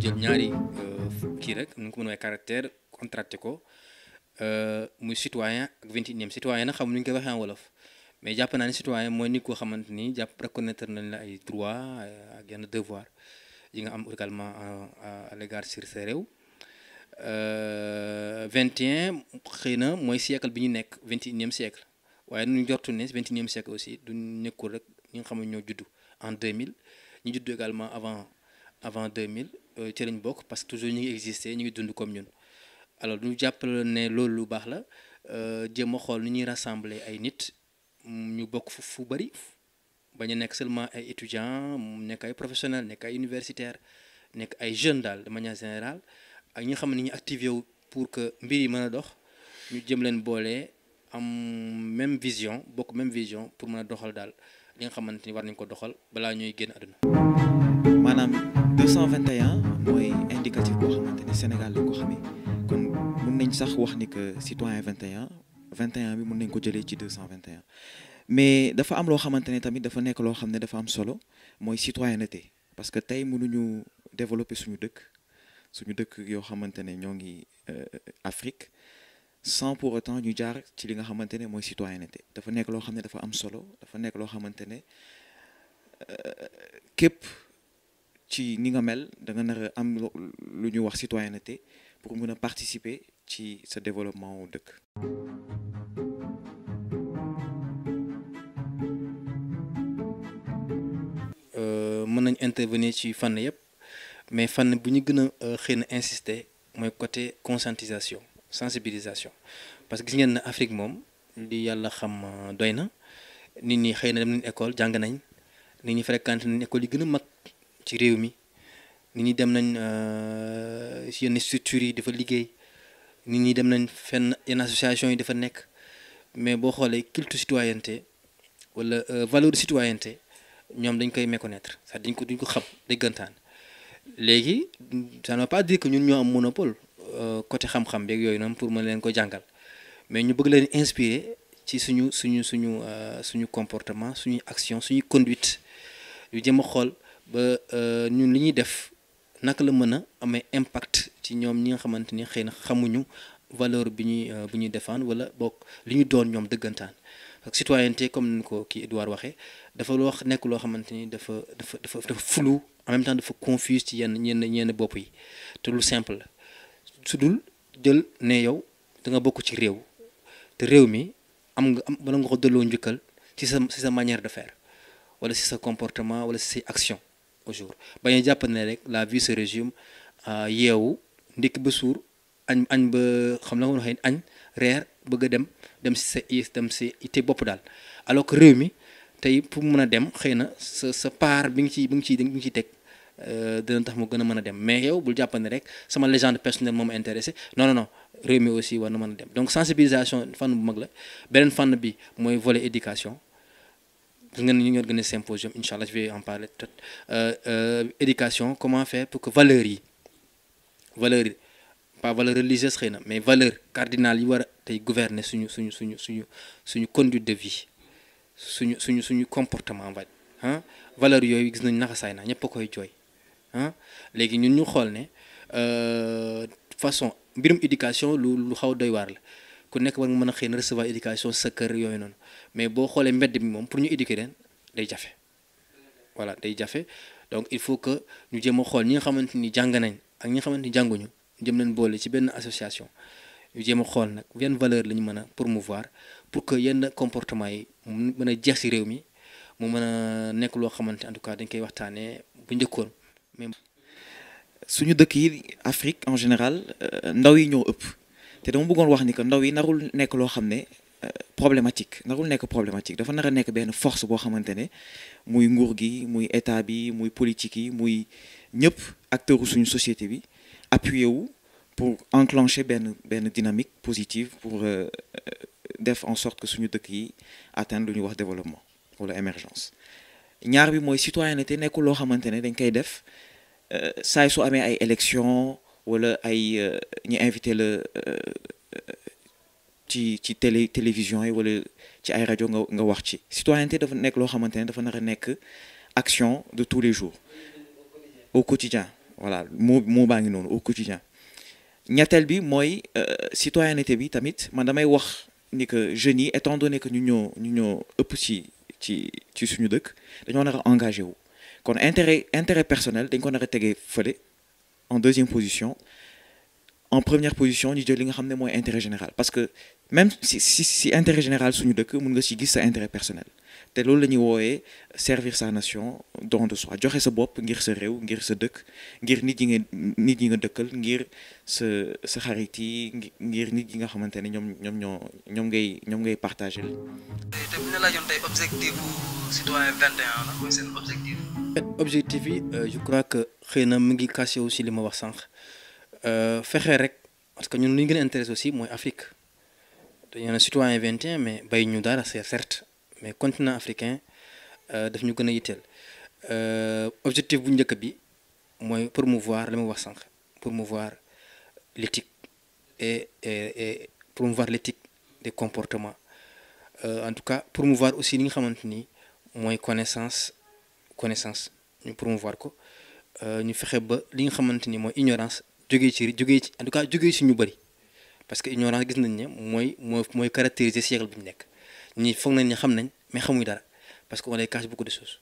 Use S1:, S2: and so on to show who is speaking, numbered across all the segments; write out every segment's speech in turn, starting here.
S1: jël ñaari euh, kii rek nu ko mën a caractère contracté ko euh, muy citoyen ak vingt et unième citoyen na xam nu ñu ko waxee en wolof mais jàpp naa ne citoyen mooy nit koo xamante ni jàpp reconnaître nañ la ay droit euh, ak yenn devoir yi nga am également à l'égard sur sa réew vingt et un xëy na mooy siècle bi ñu nekk vingt et unième siècle waaye ñu jortu ne vingt et unième siècle aussi du nekkul rek ñi nga xam ne ñoo juddu en mille ñu judd également avant avant mille Euh, ci lañ bokk parce que toujours ñu ngi exister ñu ngi dund comme ñun alors ñu jàppale ne loolu lu baax la euh, jéem a xool ni ñuy rassembler ay nit ñu bokk fu fu bëri bañ a nekk seulement ay étudiants nekk ay professionnels nekk ay universitaires nekk ay jeunes daal de manière générale ak ñu xam ne ñu activé wu pour que mbir yi mën a dox ñu jëm leen boole am même vision bokk même vision pour mën a doxal daal li nga xamante ni war nañ ko doxal
S2: balaa ñuy génn àdduna. maanaam Sénégal lañ ko xamee kon mun nañ sax wax ni que citoyen 21 21 bi mun nañ ko jëlee ci 221 mais dafa am loo xamante ne tamit dafa nekk loo xam ne dafa am solo mooy citoyenneté parce que tey mënuñu développer suñu dëkk suñu dëkk yoo xamante ne ñoo ngi euh, Afrique sans pour ñu jaar ci li nga xamante ne mooy citoyenneté dafa nekk loo xam ne dafa am solo dafa nekk loo xamante ne euh, képp. ci ni nga mel da nga nar am lu ñu wax citoyenneté pour mën a participer ci sa développement wu dëkk.
S1: Euh, mën nañ intervenir ci fànn yëpp mais fànn bu ñu gën a euh, xëy na insister mooy côté conscientisation sensibilisation parce que gis ngeen ne Afrique moom li yàlla xam euh, doy na nit ñi xëy na dem nañ école jàng nañ nit ñi fréquenté nañ école yi gën a mag. ci réew mi nit ñi dem nañ euh, si yenn structures yi dafa liggéey nit ñi dem nañ fenn yenn association yi dafa nekk mais boo xoolee culture citoyenneté wala euh, valeur de citoyenneté ñoom dañ koy méconnaître sax dañ ko duñ ko xam déggantaan léegi ça ne veut pas dire que ñun ñoo am monopole euh, côté xam-xam beeg yooyu noonu pour mën leen ko jàngal mais ñu bëgg leen inspirer ci suñu suñu suñu suñu comportement suñu action suñu conduite yu jëm a xool ba euh, ñun li ñuy def naka la mën a amee impact ci ñoom ñi nga xamante ni xëy na xamuñu valeur bi ñuy euh, bu ñuy défendre wala boog li ñu doon ñoom dëggantaan ak citoyenneté comme ni ko kii Edouard waxee dafa loo nekk loo xamante ni dafa dafa dafa dafa flou en même temps ci yenn ñenn ñenn bopp yi te lu simple la su dul jël ne yow da nga bokk ci réew te réew mi am nga am bala nga ko delloo njëkkal ci sa sa manière de fair wala si sa comportement wala si sa action au jour bañu jàpp ne rek la vie se résume yeewu ndikk ba suur añ añ ba xam la woon waxee añ reer bëgg a dem dem si sa is dem si itte bopp daal alors que réew mi tey pour mën a dem xëy na sa sa paar bi ngi ci bi ngi ci bi ngi ciy teg euh, dina tax mu gën a mën a dem mais yow bul jàpp ne rek sama légende personnelle moom intéressé non non non réew mi aussi war na mën a dem donc sensibilisation fànn bu mag la beneen fànn bi mooy volet éducation gis ngeen ñu ngi organiser symposium incha allah je vais en parler peut-être euh, éducation comment faire pour que valeurs yi valeurs yi pas valeur religieuse xëy na mais valeur cardinale yi war a tey gouverner suñu suñu suñu suñu suñu conduite de vie suñu suñu suñu comportement va ah valeur yooyu gis nañ naxasaay na ñëpp koy jooy ah léegi ñun ñu xool ne euh, façon mbirum éducation lu lu xaw doy waar la ku nekk war nga mën a xëy na recevoir éducation sa kër yooyu noonu mais boo xoolee mbedd mi moom pour ñu éduquer leen day jafe voilà day jafe donc il faut que ñu jéem a xool ñi nga xamante ni jàng nañ ak ñi nga xamante ni jànguñu jëm leen boole ci benn association ñu jéem a xool nag yan valeur lañu mën a promouvoir pour que yenn comportement yi mu mën a jeex ci réew mi mu mën a nekk loo xamante en tout
S2: cas dañ koy waxtaanee bu njëkkoon mais suñu dëkk yi Afrique en général euh, ndaw yi ñoo ëpp te dama bëggoon wax ni que ndaw yi narul nekk loo xam ne problématique narul nekk problématique dafa nar a nekk benn force boo xamante ne muy nguur gi muy état bi muy politique yi muy ñëpp acteur suñu société bi appuyer wu pour enclencher benn benn dynamique positive pour euh, euh, def en sorte que suñu dëkk yi atteindre lu ñuy wax développement wala émergence ñaar bi mooy citoyenneté nekkul loo xamante ne dañ koy def euh, saay su amee ay élection wala ay ñu invité la ci ci télé télévision yi wala ci ay rajo nga nga wax ci citoyenneté dafa nekk loo xamante ne dafa nar a nekk action de tous les jours au quotidien voilà moo moo baa ngi noonu au quotidien ñetteel bi mooy euh, citoyenneté bi tamit man damay wax ni que jeunes yi étant donné que ñu ñoo ñu ñoo ëpp ci ci ci suñu dëkk dañoo nar a engagé wu kon intérêt intérêt personnel dañ kon nar a tegee fële en deuxième position en première position ñu jël nga xam ne mooy intérêt général parce que même si si général suñu dëkk mun nga ci gis sa intérêt personnel te loolu la ñuy woowee servir sa nation don de soi joxe sa bopp ngir sa réew ngir sa dëkk ngir nit yi nga nit yi nga dëkkal ngir sa sa xarit yi ngir nit yi nga xamante ne ñoom ñoom ñoo ñoom ngay ñoom ngay partagé la.
S1: te bu ñu laajoon tey objectif citoyen objectif. yi euh, je crois que xëy mu ngi caché aussi li ma wax sànq. Euh, fexe rek parce que ñun lu ñu gën a intéressé aussi mooy Afrique dañu ne citoyen 21 mais bay ñu dara c'est certes mais continent africain euh, daf ñu gën a yitteel euh, objectif bu njëkk bi mooy promouvoir li ma wax sànq promouvoir l'éthique et et promouvoir l'éthique des comportements en tout cas promouvoir aussi li nga xamante ni mooy connaissance connaissance ñu promouvoir ko ñu fexe ba li nga xamante ni mooy ignorance jógee ci jógee ci en tout cas jógee ci ñu bëri parce que ignorance gis nañ ne mooy mooy mooy caractériser siècle bi ñu nekk ñi foog nañ ni xam nañ mais xamuñ dara parce que on les cache beaucoup de choses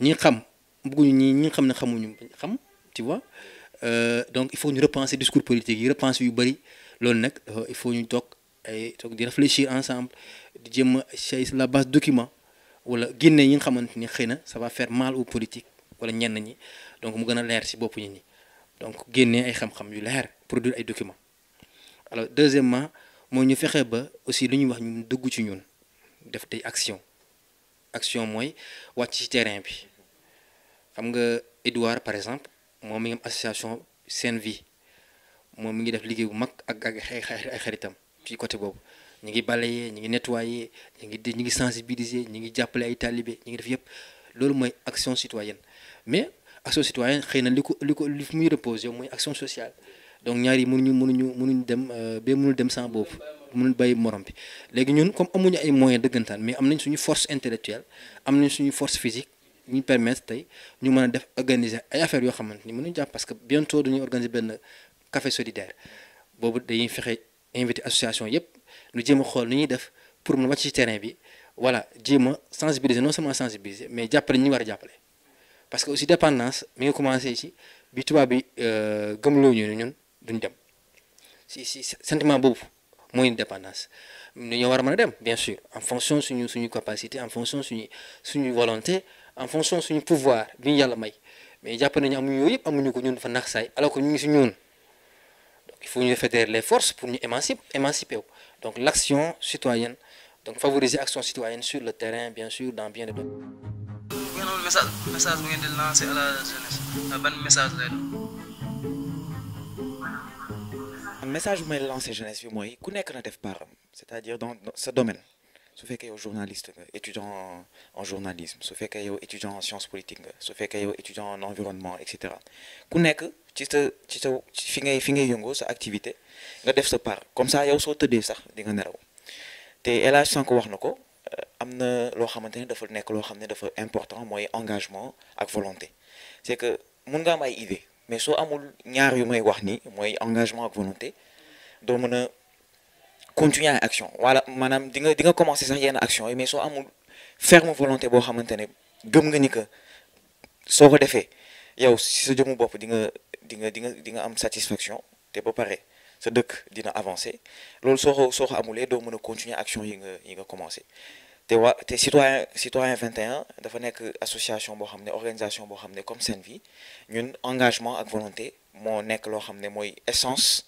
S1: ñi xam bëgguñu ñi ñi xam ne xamuñu xam tu vois euh, donc il faut ñu repenser discours politique yi repenser yu bëri loolu nag euh, il faut ñu toog ay toog di réfléchir ensemble di jéem a la base document wala génne ñi nga xamante ni xëy na sa va faire mal aux politiques wala ñenn ñi donc mu gën a leer si bopp ñi ñi donc génnee ay xam-xam yu leer produire ay documents alors deuxièmement mooy ñu fexee ba aussi lu ñuy wax ñu dugg ci ñun def tey action action mooy wàcc ci terrain bi xam nga Edouard par exemple moom mi ngi am association Sen Vie moom mi ngi def liggéey bu mag ak ak ay xaritam ci côté boobu ñu ngi balayer ñu ngi nettoyer ñu ngi ñu ngi sensibiliser ñu ngi jàppale ay talibé ñu ngi def yëpp loolu mooy action citoyenne mais action citoyenne xëy na li ko li ko li fu muy reposer mooy action sociale donc ñaar yi mënuñu mënuñu mënuñ dem euh, ba mënul dem sans boobu mënul bàyyi morom bi léegi ñun comme amuñu ay moyens dëggantaan mais am nañ suñu force intellectuelle am ñu suñu force physique ñu permettre tey ñu mën a def organiser ay affaires yoo xamante ni mënuñ jàpp parce que bientôt dañuy organiser benn café solidaire boobu dañuy fexe invité association yëpp ñu jéem a xool ni ñuy def pour mën wàcc ci terrain bi voilà jéem a sensibiliser non seulement sensibiliser mais jàppale ñi ñu war a jàppale parce que aussi dépendance mi ngi commencé ci bi tubaab bi euh, gëmloo ñu ne ñun duñ dem si si sentiment boobu mooy dépendance ñu war a mën a dem bien sûr en fonction suñu suñu capacité en fonction suñu suñu volonté en fonction suñu pouvoir bi ñu yàlla may mais jàpp nañu amuñu yooyu yëpp amuñu ko ñun fa nax say alors ko ñu ngi si ñun donc il ñu fédérer les forces pour ñu émanciper émanciper wu donc l' action citoyenne donc favoriser action citoyenne sur le terrain bien sûr dans bien des domaines message message bu ngeen di lancé à la jeunesse ban message lay doon.
S2: bi mooy ku nekk na def param cest a dire dans ce domaine su fekkee yow journaliste nga étudiant en journalisme su fekkee yow étudiant en sciences politiques nga su fekkee yow étudiant en environnement et cetera ku nekk ci sa ci sa fi ngay fi ngay yëngoo sa activité nga def sa part comme sa yow soo tëddee sax di nga neraw te El Hadj Sanko wax na ko. Euh, am na loo xamante ne dafa nekk loo xam ne dafa important mooy engagement ak volonté c'est que mun nga am ay idées mais soo amul ñaar yu may wax nii mooy engagement ak volonté doo mën a continuer ay action wala maanaam di nga di nga commencer sax yenn action yi mais soo amul ferme volonté boo xamante ne gëm nga ni que soo ko defee yow si sa jëmu bopp di nga di nga di nga di nga am satisfaction te ba pare sa dëkk dina avancé loolu soo ko soo amulee doo mën a continuer action yi nga yi nga commencé te waa te citoyen citoyen 21 dafa nekk association boo xam ne organisation boo xam ne comme Senvi ñun engagement ak volonté moo nekk loo xam ne mooy essence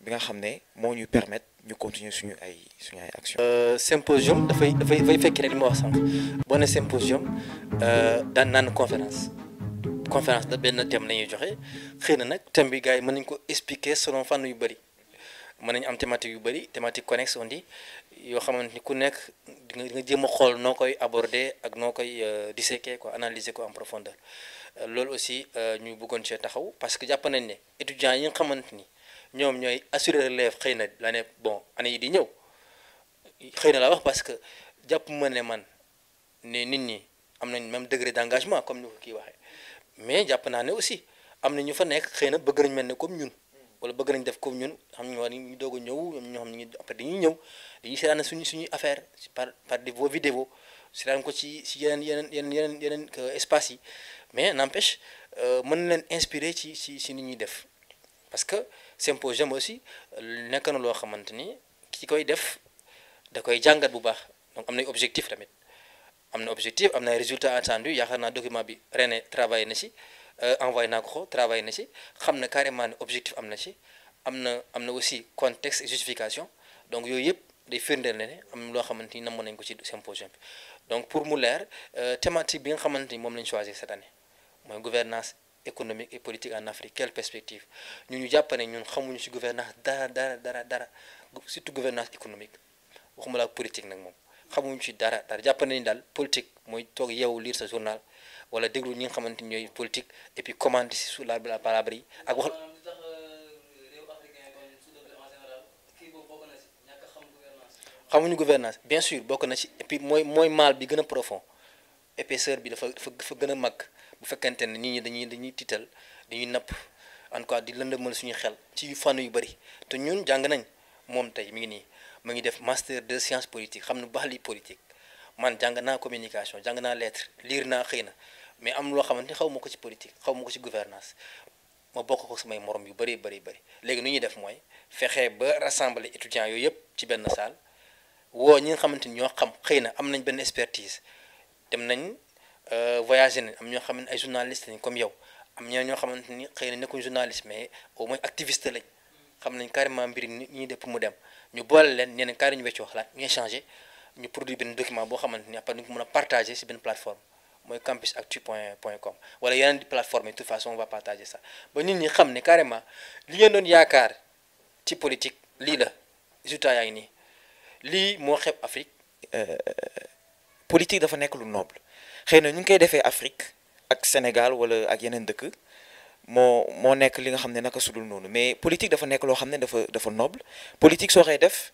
S2: bi nga xam ne moo ñu permettre ñu continuer suñu ay suñu ay action
S1: euh, symposium dafay dafay dafay fekk ne li ma wax sànq boo ne symposium euh, daan naan conférence conférence da benn thème la ñuy joxe xëy na nag thème bi gars yi mën nañ ko expliquer selon fànn yu bëri mën nañu am thématique yu bëri thématique connexe on dit yoo xamante ni ku nekk di nga jéem a xool noo koy aborder ak noo koy euh, disséquer quoi analyser ko en profondeur euh, loolu aussi euh, ñu buggoon cee taxaw parce que jàpp nañ ne étudiants yi nga xamante ni ñoom ñooy assurer relève xëy na la bon année yi di ñëw xëy na parce que jàpp ma ne man ne nit ñi am nañ même degré d' engagement comme ni ko kii waxee mais jàpp naa ne aussi am na ñu fa nekk xëy na bëgg nañ mel ne comme ñun wala bëgg nañ def comme ñun xam ñu war ñu doog a ñëw ñoom ñu xam ne après dañuy ñëw dañuy seetaan suñu suñuy affaire par par des voies vidéo seetaan ko ci ci yeneen yeneen yeneen yeneen yeneen espace yi mais n'empêche euh, mën leen inspiré ci ci ci ni ñuy def parce que ma aussi nekk na loo xamante ni ki koy def da koy jàngat bu baax donc am nay objectif tamit am na objectif am na ay résultats attendus yaakaar naa document bi René travaillé na si euh, envoyé naa ko ko travaillé na si xam na carrément ne objectif am na ci am na am na aussi contexte et justification donc yooyu yëpp day firndeel ne am loo xamante ni namm nañ ko ci symposium bi donc pour mu leer euh, thématique bi nga xamante ni moom lañ ñu choisir cette année mooy gouvernance économique et politique en Afrique quelle perspective ñu ñu jàpp ne ñun xamuñu si gouvernance dara dara dara dara surtout gouvernance économique waxuma la politique nag moom xamuñu ci dara dara jàpp nañu daal politique mooy toog yeewu lire sa journal wala déglu ñi nga xamante ni ñooy politique et puis si sous la palabre yi ak wax. Euh, xamuñu gouvernance bien sûr bokk na ci et mooy mooy mal bi gën a profond épaisseur bi dafa gën a mag bu fekkente ne nit ñi dañuy dañuy tiital dañuy napp en tout cas di lëndëmal suñu xel ci fànn yu bëri te ñun jàng nañ moom tey mi ngi nii. mu ngi def master de science politique xam nu baax li politique man jàng naa communication jàng naa lettre liir naa xëy na mais am loo xamante ni xaw ma ko ci politique xaw ma ko ci gouvernance ma bokk ko samay moroom yu bëri bëri bëri léegi nu ñuy def mooy fexe ba rassembler étudiants yooyu yëpp ci benn salle woo ñi nga xamante ni ñoo xam xëy na am nañ benn expertise dem nañ euh, voyager nañ am ñoo xam ne ay journaliste comme yow am ñoo ñoo xamante ni xëy na nekkuñ journaliste mais au moins activiste lañ xam nañ carrément mbir ni ñuy def mu dem ñu boole leen ñeneen carrément ñu weccoo xalaat ñu échangé ñu produit benn document boo xamante ni après ñu ko a partager ci benn plateforme mooy campusactu point point com wala yeneen di plateforme yi de toute façon on va partager ça ba nit ñi xam ne carrément li ngeen doon yaakaar ci politique lii la résultat yaa ngi nii lii moo xeeb Afrique.
S2: Euh, politique dafa nekk lu noble xëy na ñu ngi koy defee Afrique ak Sénégal wala ak yeneen dëkk. moo moo nekk li nga xam ne naka sudul noonu mais politique dafa nekk loo xam ne dafa dafa noble politique soo koy def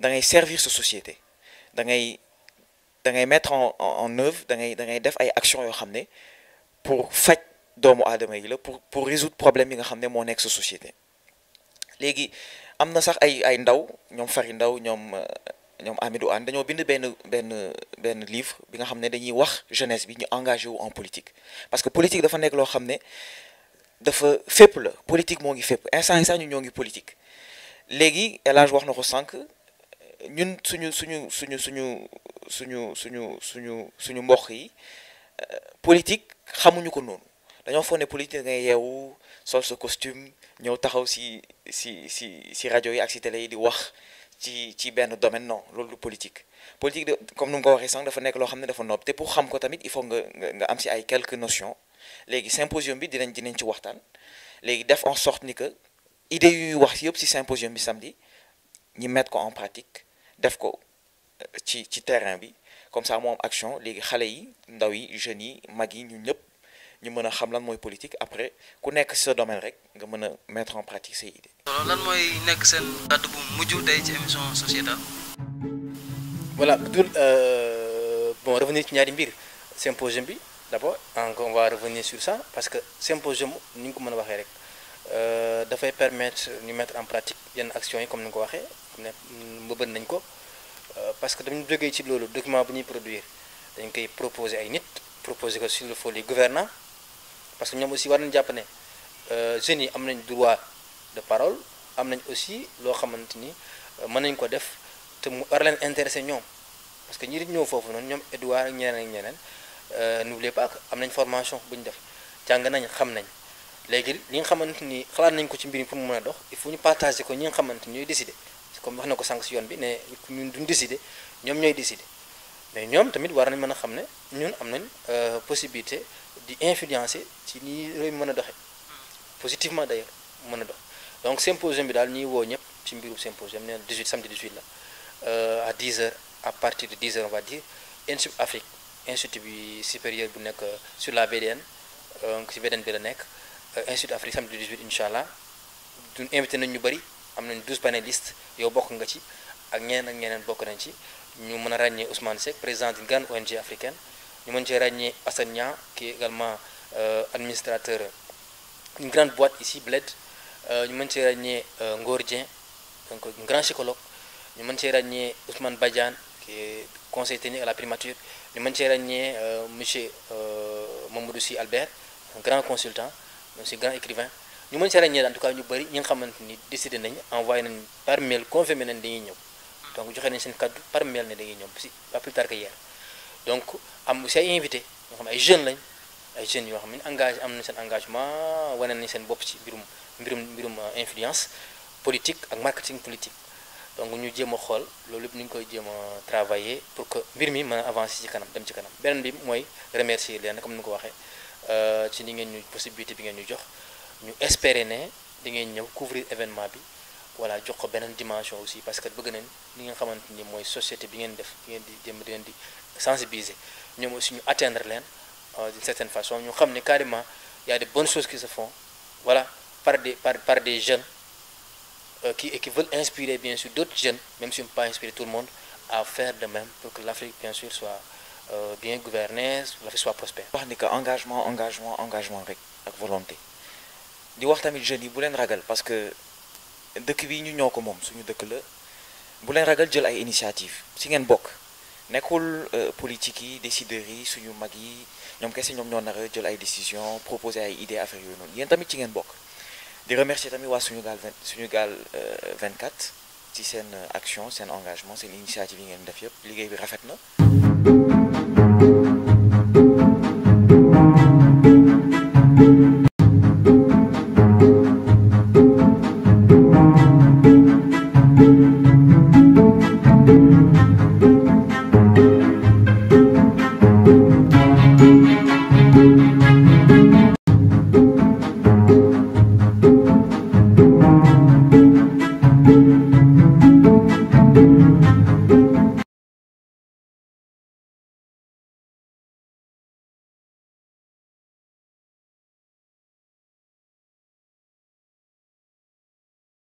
S2: dangay ngay servir sa société da ngay da ngay mettre en en œuvre da ngay da ngay def ay action yoo xam ne pour faj doomu adama yi la pour pour résoudre problème bi nga xam ne moo nekk sa société léegi am na sax ay ay ndaw ñoom fari ndaw ñoom euh, ñoom Amidou Anne dañoo bind benn benn benn livre bi nga xam ne dañuy wax jeunesse bi ñu engagé wu en politique parce que politique dafa nekk loo xam ne dafa fépp la politique moo ngi fépp instant yi sax ñu ñoo ngi politique léegi El wax na ko sànq ñun suñu suñu suñu suñu suñu suñu suñu suñu mbokk yi euh, politique xamuñu ko noonu dañoo foog ne politique ngay yeewu sol sa costume ñëw taxaw si si si si rajo yi ak si télé yi di wax ci ci benn domaine non loolu du politique politique de comme nu ko waxee sànq dafa nekk loo xam ne dafa noob te pour xam ko tamit il faut nga nga am si ay quelques léegi symposium bi dinañ dinañ ci waxtaan léegi def en sorte ni que idées yu ñuy wax yëpp ci symposium bi samedi ñi mettre ko en pratique def ko euh, ci ci terrain bi comme ça moom action léegi xale yi ndaw yi jeunes yi mag yi ñu ñëpp ñu mën a xam lan mooy politique après ku nekk sa domaine rek nga mën a mettre en pratique say idées.
S1: lan mooy nekk seen kàddu bu mujj tey ci émission sociétale. voilà Abdoul euh, bon revenir ci ñaari mbir symposium bi. d'abord encore on va revenir sur ça parce que symposium ni ñu ko mën a waxee rek euh, dafay permettre ñu mettre en pratique yenn actions yi comme ni nga ko waxee xam ne mm, mbëbën nañ ko euh, parce que dañu jógee ci loolu document bu ñuy produire dañ koy proposer ay nit proposer ko sur le fond des gouvernants parce que ñoom aussi war nañ jàpp ne euh, jeunes yi am nañ droit de parole am nañ aussi loo xamante ni mën nañ ko def te mu war leen intéressé ñoom parce que ñi Euh, n'oubliez pas que am nañ formation bu ñu def jàng nañ xam nañ léegi li nga xamante ni xalaat nañ ko ci mbir mi pour mu mën a dox il faut ñu partager ko ñi nga xamante ni ñooy décider comme wax na ko sànq yoon bi ne ñun duñ décider ñoom ñooy décider mais ñoom tamit war nañ mën a xam ne ñun am nañ euh, possibilité di influencer ci ni réew mën a doxee positivement d'ailleurs mën a dox donc symposium bi daal ñuy woo ñëpp ci mbiru symposium nee na 18 samedi 18 la euh, à 10 heures à partir de 10 heures on Afrique institut bi supérieur bu nekk euh, sur la VDN euh, donc si VDN bi la nekk euh, institut Afrique samedi 18 incha allah du invité nañ ñu bëri am nañ 12 panélistes yow bokk nga ci ak ñeen ak ñeneen bokk nañ ci ñu mën a ràññee Ousmane Seck président d'une grande ONG africaine ñu mën cee ràññee Assane Niang qui est également administrateur une grande boîte ici Bled ñu mën cee ràññee Ngor Dieng donc un grand psychologue ñu mën cee ràññee Ousmane Badiane conseil technique à la primature ñu mën cee ràññee monsieur euh, Mamadou Sy Albert un grand consultant monsieur grand écrivain ñu mën cee ràññee en tout cas ñu bëri ñu nga xamante ni décidé nañ envoyé nañ par mail confirmé nañ dañuy ñëw donc joxe nañ seen kaddu par mail ne dañuy ñëw si pas plus tard que donc am aussi ay invité ñoo xam ne ay jeunes lañ ay jeunes yoo xam ne engagé am nañ seen engagement wane nañ seen bopp ci mbirum mbirum mbirum euh, influence politique ak marketing politique donc ñu jéem a xool loolu yëpp ni ñu koy jéem a travailler pour que mbir mi mën a avancer ci kanam dem ci kanam beneen bi mooy remercier leen comme ni ko waxee euh, ci ni ngeen ñu possibilité bi ngeen ñu jox ñu espérer ne di ngeen ñëw couvrir événement bi voilà jox ko beneen dimension aussi parce que bëgg nañ ni nga xamante ni mooy société bi ngeen def di ngeen di jéem di ngeen di sensibiliser ñoom aussi ñu atteindre leen euh, d'une certaine façon ñu xam ne carrément y a de bonnes choses qui par des par par des jeunes. Euh, qui, et qui veulent inspirer bien sûr d'autres jeunes, même si on ne peut pas inspirer tout le monde, à faire de même pour que l'Afrique bien sûr soit euh, bien gouvernée, l'Afrique soit prospère.
S2: wax ni engagement engagement engagement rek ak volonté di wax tamit jeunes yi bu leen ragal parce que dëkk bi ñu ñoo ko moom suñu dëkk la bu leen ragal jël ay initiative ci ngeen bokk nekkul euh, politique yi décideurs yi suñu mag yi ñoom kese ñoom ñoo nar a jël ay décision proposer ay idées affaires ci ngeen bokk. di remercier tamit waa Sunugal 20 Sunugal 24 euh, ci seen euh, action seen engagement seen initiative yi ngeen def yëpp liggéey bi rafet na